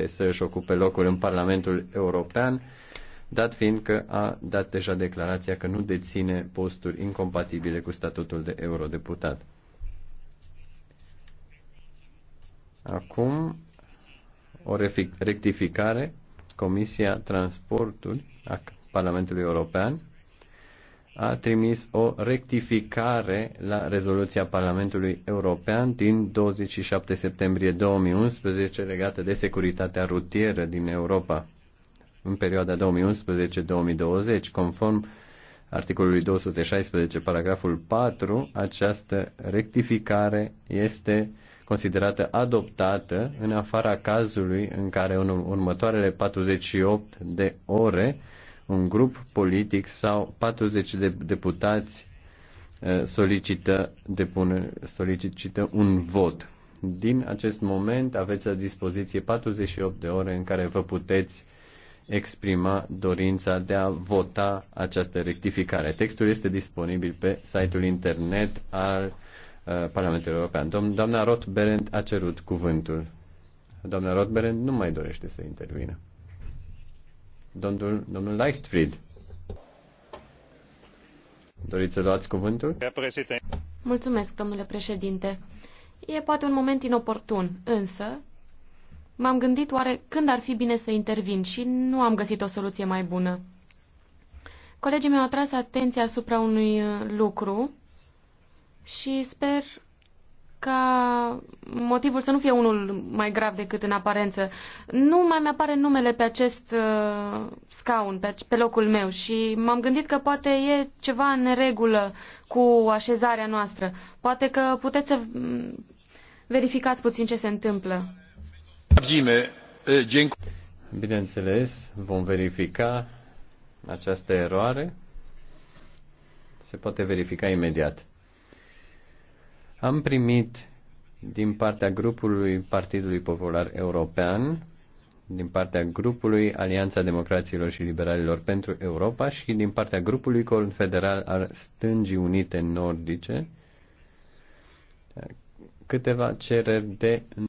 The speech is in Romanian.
poate să își ocupe locul în Parlamentul European, dat fiind că a dat deja declarația că nu deține posturi incompatibile cu statutul de eurodeputat. Acum, o rectificare. Comisia Transportului a Parlamentului European a trimis o rectificare la rezoluția Parlamentului European din 27 septembrie 2011 legată de securitatea rutieră din Europa în perioada 2011-2020, conform articolului 216, paragraful 4, această rectificare este considerată adoptată în afara cazului în care în următoarele 48 de ore un grup politic sau 40 de deputați eh, solicită, depune, solicită un vot. Din acest moment aveți la dispoziție 48 de ore în care vă puteți exprima dorința de a vota această rectificare. Textul este disponibil pe site-ul internet al uh, Parlamentului European. Dom- doamna Roth a cerut cuvântul. Doamna Roth nu mai dorește să intervină. Domnul, domnul Leichtfried. Doriți să luați cuvântul? Mulțumesc, domnule președinte. E poate un moment inoportun, însă m-am gândit oare când ar fi bine să intervin și nu am găsit o soluție mai bună. Colegii mi-au atras atenția asupra unui uh, lucru și sper ca motivul să nu fie unul mai grav decât în aparență. Nu mai mi-apare numele pe acest uh, scaun, pe, pe locul meu și m-am gândit că poate e ceva în regulă cu așezarea noastră. Poate că puteți să mm, verificați puțin ce se întâmplă. Bineînțeles, vom verifica această eroare. Se poate verifica imediat. Am primit din partea grupului Partidului Popular European, din partea grupului Alianța Democraților și Liberalilor pentru Europa și din partea grupului confederal al Stângii Unite Nordice câteva cereri de